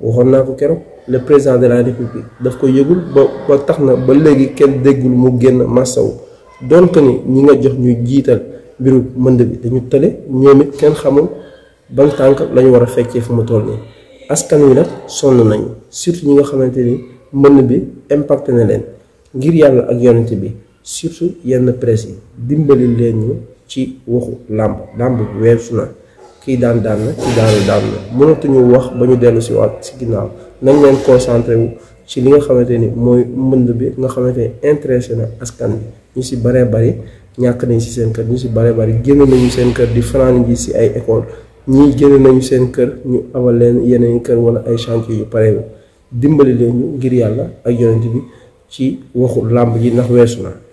waxoon naa ko keroog le président de la république daf ko yëgul ba ba tax na ba léegi kenn déggul mu génn massawu doon que ni ñi nga jox ñu jiital mbiru mënd bi dañu tële ñoom it kenn xamul ban tànk la ñu war a feccee fu mu toll nii askan wi nag sonn nañu surtout ñi nga xamante ni mënd bi impacté na leen ngir yàlla ak yonent bi surtout yenn presse yi dimbali leen ñu ci waxu làmb làmb weesu na. kii daan daan na kii daanu daan na mënatuñu wax ba ñu dellu si waat si ginnaaw nañ leen concentré ci li nga xamante ni mooy mbënd bi nga xamante ni intéressé na askan bi ñu si baree bari ñàkk nañ si seen kër ñu si baree bari génn nañu seen kër di fanaan ji si ay école ñii génn nañu seen kër ñu abal leen yeneen kër wala ay chantier yu pare dimbali leen ñu ngir yàlla ak yonent bi ci waxul làmb ji ndax weesu na